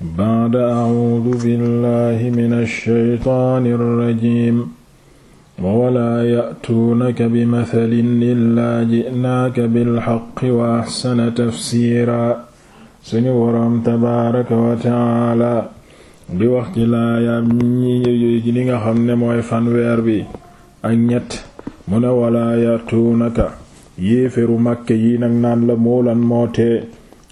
baada acuudu billahi min alsheytaani alrajim wawalaa ya'tuunaka bimathalin illaa ji'naaka bilxaqi wa axsana tafsiiraa suñu boroom tabaaraka wa tacaala di wax ci laayaab ñi li nga xam ne mooy fanweer bi ak ñett mu ne walaa ya'tuunaka yéeféru màkke yi nag naan la moolan mootee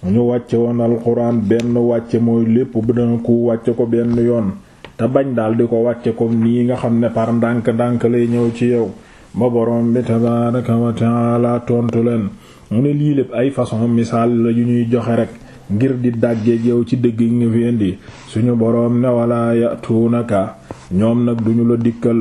ñu wàcce woon alxuraan benn wàcce mooy lépp bu danga ko wàcce ko benn yoon te bañ daal ko wàcce ko nii nga xam ne par ndànk-ndànk lay ñëw ci yow ba boroom bi tabaaraka wa taala tontu leen mu ne lii lépp ay façon misaal la yu ñuy joxe rek ngir di dàggeeg yow ci digg yi nga fi indi suñu boroom ne wala yatuunaka ñoom nag duñu la dikkal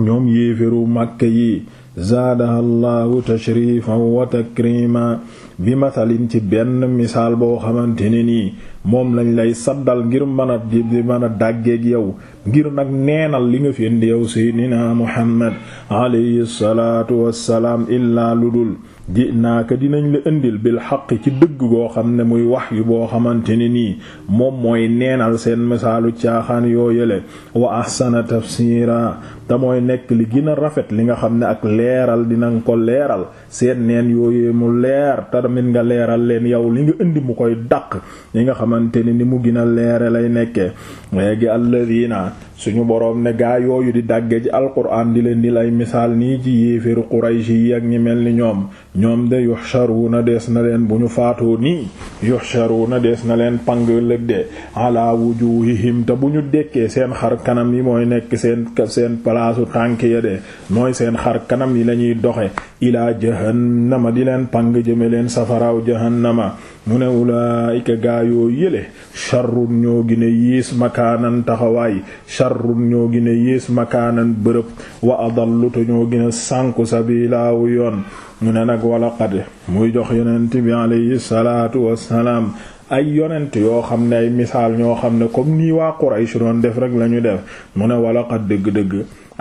ñoom yéeféru màkk yi zaadaha allahu tashrifan wa takrima bi mathalin ci benn misaal boo xamante ne nii moom lañ lay saddal ngir mën a di mën a dàggeeg yow ngir nag neenal li nga fi indi yow seydinaa muhammad alayhi salaatu wassalaam illaa lu dul ji naaka dinañ la indil bil xaq ci dëgg goo xam ne muy wax yu boo xamante ne nii moom mooy neenal seen misaalu caaxaan yoo yële wa ahsana tafsiira te mooy nekk li gën rafet li nga xam ne ak leeral dinañ ko leeral seen neen yooyee mu leer te nga leeral leen yow li nga indi mu koy daq li nga xam xamante ne ni mu gën a leere lay nekke nekkee léegi alladina suñu borom ne gaa yooyu di dàgge ji alquran di leen di lay misaal nii ci yéeféru Quraysh yi ak ñi mel ni ñoom ñoom de yuhsharuna dees na leen bu ñu faatoo nii yuhsharuna dees na leen pang lëg de ala wujuhihim te bu ñu dekkee seen xar kanam yi mooy nekk seen seen palaasu tànk ya de mooy seen xar kanam yi lañuy doxe ilaa jahannama di leen pang jëme leen safaraaw jahannama mu ne ulaayika gaayoo yële sharrun ñoo gine yiis makaanan taxawaay sharrun ñoo gine yiis makaanan bërëb wa adallu te ñoo gine sànku sabiilaawu yoon mu ne nag wala qad muy jox yonent bi alayhi salaatu salaam ay yonent yoo xam ne ay misaal ñoo xam ne comme nii waa Quraysh doon def rek lañu def mu ne wala dëgg-dëgg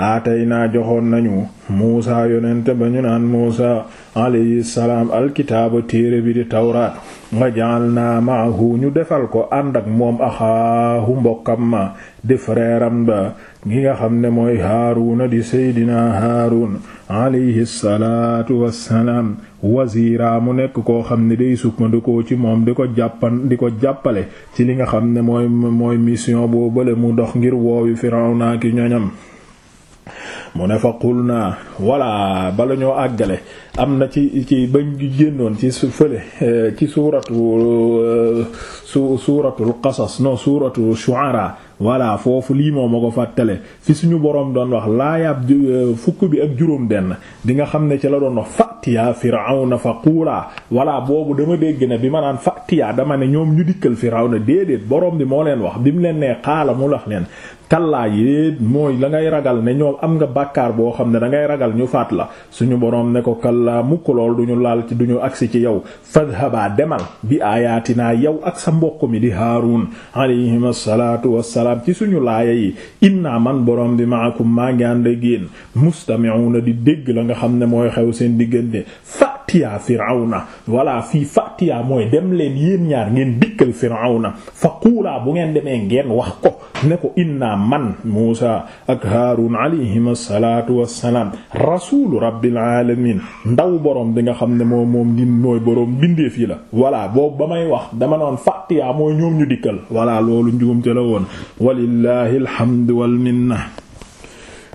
aatay naa joxoon nañu muusa yonente ba ñu naan muusa alayhi salaam alkitaaba téere bi di tawraat nga jaal naa maahu ñu defal ko ànd ak moom axaahu mbokkam ma di frère ba gi nga xam ne mooy haaruna di seydinaa haarun alayhi wassalaam waziraa mu nekk koo xam ne day sukkandikoo ci moom di ko jàppan di ko jàppale ci li nga xam ne mooy mission mission boobale mu dox ngir woowi firawna ki ñoñam mu ne fa qul naa walla bala ñoo àggale am na ci ci bañ génnoon ci su fële eh, ci suuratu eh, su suuratul qasas non suuratu shu'ara voilà foofu lii moo ma ko fàttale fi suñu boroom doon wax laayaab euh, fukk bi ak juróom denn di nga xam ne ci la doon wax fatiya firawna fa quulaa walaa boobu dama dégg ne bi ma naan fatiya dama ne ñoom ñu dikkal firawna déedéet boroom bi moo leen wax bi mu leen nee xaala mu wax leen kallaa yéet mooy la ngay ragal ne ñoom am nga bàkkaar boo xam ne da ngay ragal ñu faat la suñu boroom ne ko kallaa mukk lool du ñu laal ci du ñu agsi ci yow fadhabaa demal bi aayaatinaa yow sa mbokk mi di salaam ci suñu laaya yi naa man borom bi maakum maa ngi ànd ak yéen mustami'una di dégg la nga xam ne mooy xew seen diggante fatiya firawna walla fii fatiya mooy dem leen yéen ñaar ngeen dikkal firawna fa quulaa bu ngeen demee ngeen wax ko ne ko inna man Muusa ak Haarun alayhim assalaatu wassalaam rasuulu rabbil alamin ndaw boroom bi nga xam ne moom moom di mooy boroom bindeef yi la walla boobu ba may wax dama noon fatiya mooy ñoom ñu dikkal walla loolu njuumte la woon walillahi alhamdu wal minna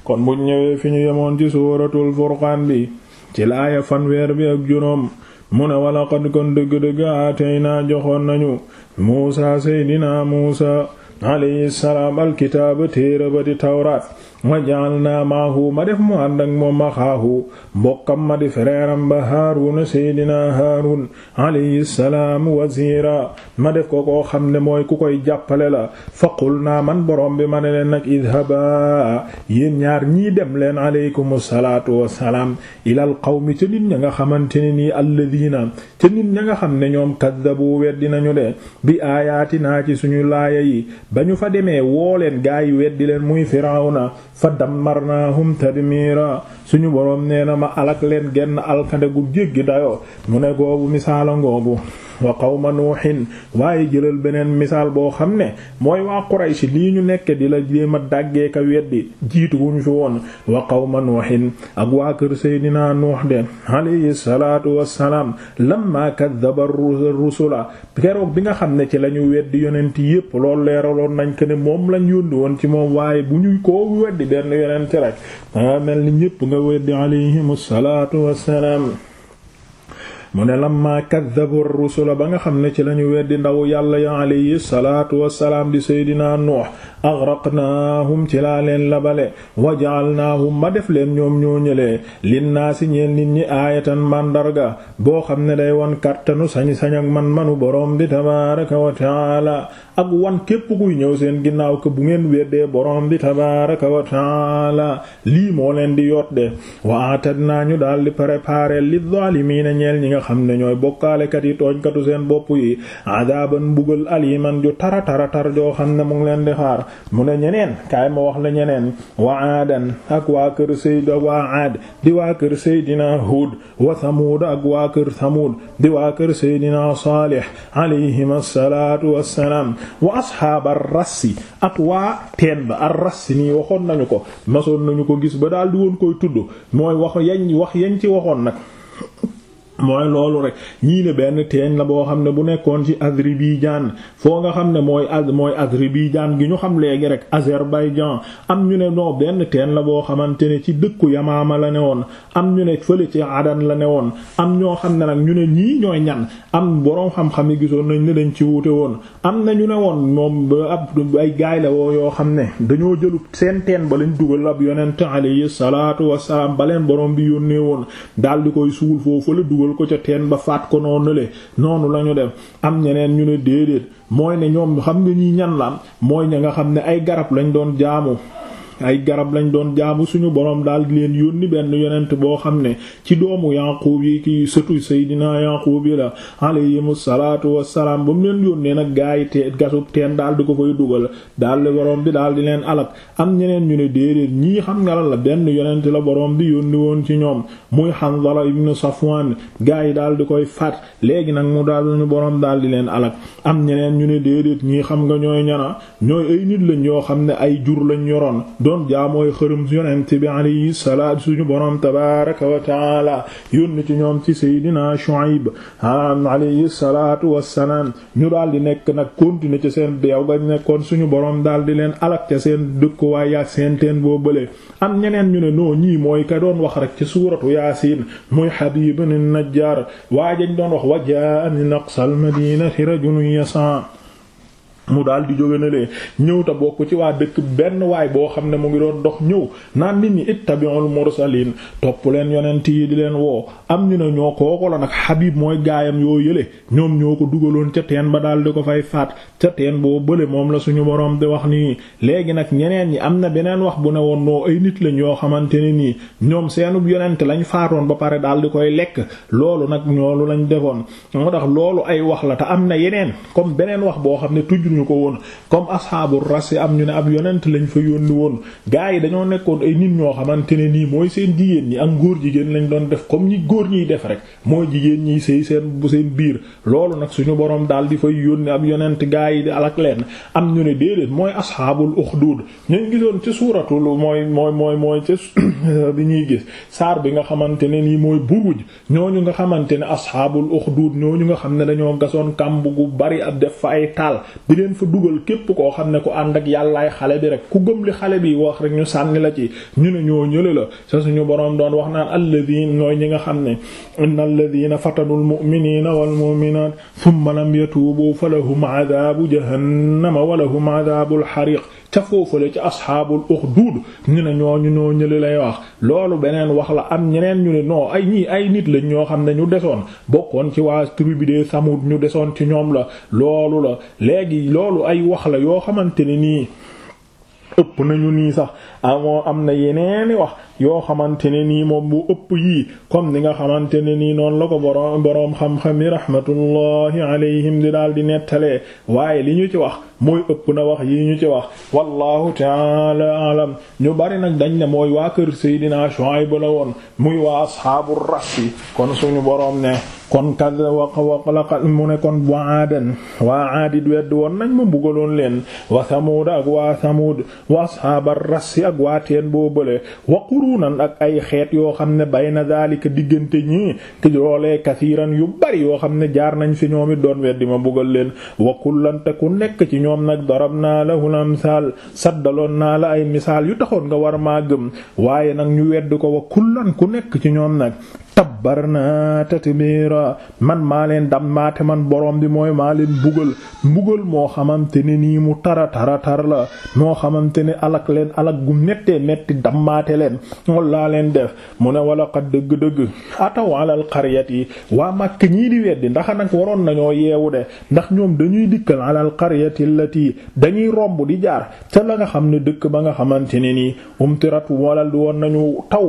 kon bu ñëwee fi ñu yemoon ci suuratul furqaan ci laaya fanweer bi ak juróom mu ne walaqad kon dëgg-dëgg aatey naa joxoon nañu muusa seydinaa muusa alayhi salaam alkitaaba téere ba di tawraat wajaalnaa maahu ma def mu ànd ak moom ma xaahu mbokkam ma di fereeram ba haaruna seydinaa haarun alayhi salaam wasiira ma def ko koo xam ne mooy ku koy jàppale la faqul naa man borom bi ma ne leen nag idhaba yéen ñaar ñii dem leen aleykum salaatu wassalaam ilal qawmi ca nit ña nga xamante ne nii alladina ca nit ña nga xam ne ñoom kaddabu weddi nañu de bi aayaati naa ci suñu laaya yi ba ñu fa demee woo leen gaa yi weddi leen muy firawna fa dammarnaahum tadmiira suñu boroom nee na ma alak leen genn alkande gu jéggi dayoo mu ne googu misaala ngoogu wa qawma nuuhin waaye jëlal beneen misaal boo xam ne mooy waa Quraysh lii ñu nekk di la jéem a dàggee ka weddi jiitu wuñ fi woon wa qawma nuuhin ak waa kër Seydina Nuux de alayhi salaatu wassalaam lamma kaddaba rusula keroog bi nga xam ne ci la ñu weddi yonent yépp loolu leeraloon nañ ko ne moom lañ yónni woon ci moom waaye bu ñu ko weddi benn yonent rek mel ni ñépp nga weddi alayhimu salaatu wassalaam mu ne lamma kaddabu rusula ba nga xam ne ci lañu weddi ndaw yàlla ya alayhi salaatu wassalaam di seydinaa nuux aghraqnaahum ci laa leen labale wa ja'alnaahum ma def leen ñoom ñoo ñëlee linnaasi ñeen nit ñi aayatan màndarga boo xam ne day won kàttanu sañ-sañ man manu boroom bi tabaaraka wa ta'aala ak wan képp kuy ñëw seen ginnaaw ko bu ngeen weddee boroom bi tabaaraka wa taala lii moo leen di yoot de wa naa ñu daal di préparer li zaalimiina ñeel ñi nga xam ne ñooy bokkaalekat yi tooñkatu seen bopp yi adaaban bugal aliman ju tara tara tar joo xam ne mu ngi leen di xaar mu ne ñeneen kaay ma wax la ñeneen wa aadan ak waa kër sayd waa aad di waa kër saydina hud wa thamuud ak waa kër thamuud di waa kër saydina saalih alayhim assalaatu wassalaam wa ashaaba rassi at waa teen ba ar rassi nii waxoon nañu ko masoon nañu ko gis ba daal di woon koy tudd mooy wax yañ wax yañ ci waxoon nag mooy loolu rek ñii ne benn teeñ la boo xam ne bu nekkoon ci Azerbaïdjan foo nga xam ne mooy az mooy Azerbaïdjan gi ñu xam léegi rek Azerbaïdjan am ñu ne noo benn teen la boo xamante ne ci dëkku Yamaama la ne woon am ñu ne fële ci Adan la ne woon am ñoo xam ne nag ñu ne ñii ñooy ñan am boroom xam-xam gisoon nañ ne lañ ci wuute woon am na ñu ne woon moom ab ay gaay la woo yoo xam ne dañoo jëlu seen teen ba lañ dugal ab yonent alayhi salaatu wassalaam ba leen boroom bi yónnee woon daal koy suul foofu dugal ko ca teen ba faat ko noonu le noonu lañu dem am ñeneen ñu ne déedéet mooy ne ñoom xam ne nii ñan la mooy ña nga xam ne ay garab lañ doon jaamu ay garab lañ doon jaamu suñu borom daal di leen yónni benn yonent boo xam ne ci doomu Yaaqub yi ki sëtu Seydina Yaaqub yi la alayhimu salaatu wassalaam ba mu leen yónnee nag gaa yi te gasub teen daal di ko koy dugal daal di bi daal di leen alak am ñeneen ñu ne déedéet ñii xam nga la benn yonent la borom bi yónni woon ci ñoom muy Hanzala ibn Safwan gaa yi daal di koy faat léegi nag mu daal ñu borom daal di leen alak am ñeneen ñu ne déedéet ñii xam nga ñooy ñana ñooy ay nit lañ yoo xam ne ay jur lañ yoroon doon jaamooy xërëm yonent bi alayhi salaat suñu boroom tabaaraka wa taala yónni ci ñoom ci seydina Shuayb am alayhi salaatu wassalaam ñu daal di nekk nag continuer ci seen beew ga nekkoon suñu borom daal di leen alak ca seen dëkkuwaay yaak seen teen boo bële am ñeneen ñu ne noo ñii mooy ka doon wax rek ci suuratu Yaasiin muy Habiib an-Najjaar waajañ doon wax wajaa min aqsal madinati rajulun yasaa mu daal di jóge na lee ñëw te bokk ci waa dëkk benn waay boo xam ne mu ngi doon dox ñëw naan nit ñi ittabi'ul mursalin topp leen yonent yi di leen woo am ñu ne ñoo kooku la nag Habib mooy gaayam yoo yële ñoom ñoo ko dugaloon ca teen ba daal di ko fay faat ca teen boo bële moom la suñu borom di wax nii léegi nag ñeneen yi am na beneen wax bu ne woon noo ay nit lañ yoo xamante ne nii ñoom seenub yonent lañ faatoon ba pare daal di koy lekk loolu nag ñoolu lañ defoon gëmuñu ko woon comme asxaabu rasi am ñu ne ab yonent lañ fa yónni woon gaa yi dañoo nekkoon ay nit ñoo xamante ne nii mooy seen jigéen ñi ak góor jigéen lañ doon def comme ñi góor ñiy def rek mooy jigéen ñi sëy seen bu biir loolu nag suñu boroom daal di fay yónni ab yonent gars yi alak leen am ñu ne déedéet mooy asxaabul uxduud ñañ gisoon ci suuratul mooy mooy mooy mooy ci bi ñuy gis saar bi nga xamante ne nii mooy buruj ñooñu nga xamante ne asxaabul uxduud ñooñu nga xam ne dañoo gasoon kàmb gu bari ab def fa ay taal leen fa dugal képp koo xam ne ko ànd ak yàllaay xale bi rek ku gëm li xale bi wax rek ñu sànni la ci ñu ne ñu ñële la sa suñu boroom doon wax naan alladina ñooy ñi nga xam ne inna alladina fatanul mu'minina wal mu'minat thumma lam yatubu falahum adabu jahannama walahum adabul hariq ca foofale ca asxaabul uxduud ñu ne ñooñu ñoo ñëli lay wax loolu beneen wax la am ñeneen ñu ne non ay ñii ay nit lañ ñoo xam ne ñu desoon bokkoon ci waa tribu de ñu desoon ci ñoom la loolu la léegi loolu ay wax la yoo xamante ne nii ëpp nañu nii sax amoo am na yeneeni wax yoo xamante ne nii moom bu ëpp yii comme ni nga xamante ne nii noonu la ko boroom boroom xam-xam yi rahmatullahi alayhim di daal di nettalee waaye li ñu ci wax mooy ëpp na wax yi ñu ci wax wallahu taala alam ñu bari nag dañ ne mooy waa kër Seydina Shuayb la woon muy waa asxaabu rasi kon suñu boroom ne kon kad waq mu ne kon waa aadan waa wedd woon nañ ma bugaloon leen wa samuud ak waa samuud wa asxaabar rasi ak waa teen boo bële qurunan ak ay xeet yoo xam ne bayna daalika diggante ñi te loolee kasiiran yu bari yoo xam ne jaar nañ fi ñoom it doon weddi ma bëggal leen wa kullan ku nekk ci ñoom nag naa darabnaa lahul amsaal saddaloon naa la ay misaal yu taxoon nga war maa gëm waaye nag ñu wedd ko wa kullan ku nekk ci ñoom nag tabbarnaa tatmiira man maa leen dammaate man borom bi mooy maa leen mbugal mbugal moo xamante ne nii mu tara tara tar la moo xamante ne alak leen alak gu méttee métti dammaate leen loolu laa leen def mu ne wala xat dëgg-dëgg ataw alal xaryat yi waa màkk ñii di weddi ndax nag waroon nañoo yeewu de ndax ñoom dañuy dikkal alal xaryati allati dañuy romb di jaar te la nga xam ne dëkk ba nga xamante ne nii umtirat walal woon nañu taw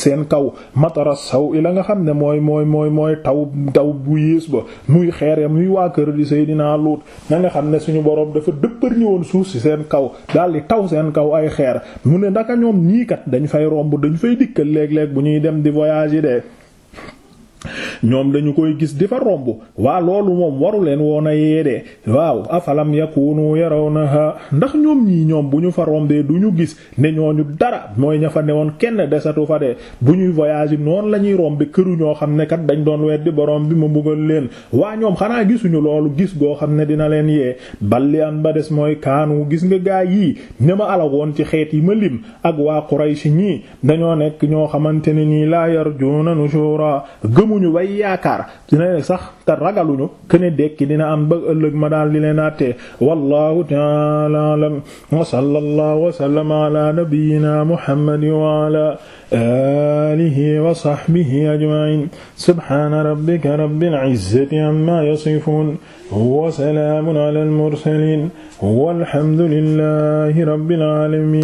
seen kaw matara nga xam ne mooy mooy mooy mooy taw taw bu yées ba muy xeer ya muy waa kër di dinaa Luut na nga xam ne suñu boroom dafa dëppër ñëwoon suuf si seen kaw daal di taw seen kaw ay xeer mu ne ndaka ñoom ñii kat dañ fay romb dañu fay dikkal léeg-léeg bu ñuy dem di voyage de ñoom dañu koy gis di fa romb waa loolu moom waru leen woon a yeedee waaw afalam nu yakunu yarawnaha ndax ñoom ñii ñoom bu ñu fa rombee du ñu gis ne ñu dara mooy ña fa woon kenn desatu fa de bu ñuy voyage noonu la ñuy rombe këru ñoo xam ne kat dañ doon weddi borom bi ma mbugal leen waa ñoom xanaa gisuñu loolu gis goo xam ne dina leen yee balli an ba des mooy kaanu gis nga gaay yii ne ma alagoon ci xeet yi ma lim ak waa si ñii dañoo nekk ñoo xamante ne nii laa yarjuuna nushura ay yaakaar dina ne sax te ragaluñu këne dekki dina am ba ëllëg ma daal di leen àttee wallahu ta'ala a'lam wa sallallahu wa sallama ala nabiyyina muhammadin wa ala alihi wa sahbihi ajma'in subhana rabbika rabbil izzati amma yasifun wa salamun ala al mursalin walhamdulillahi rabbil alamin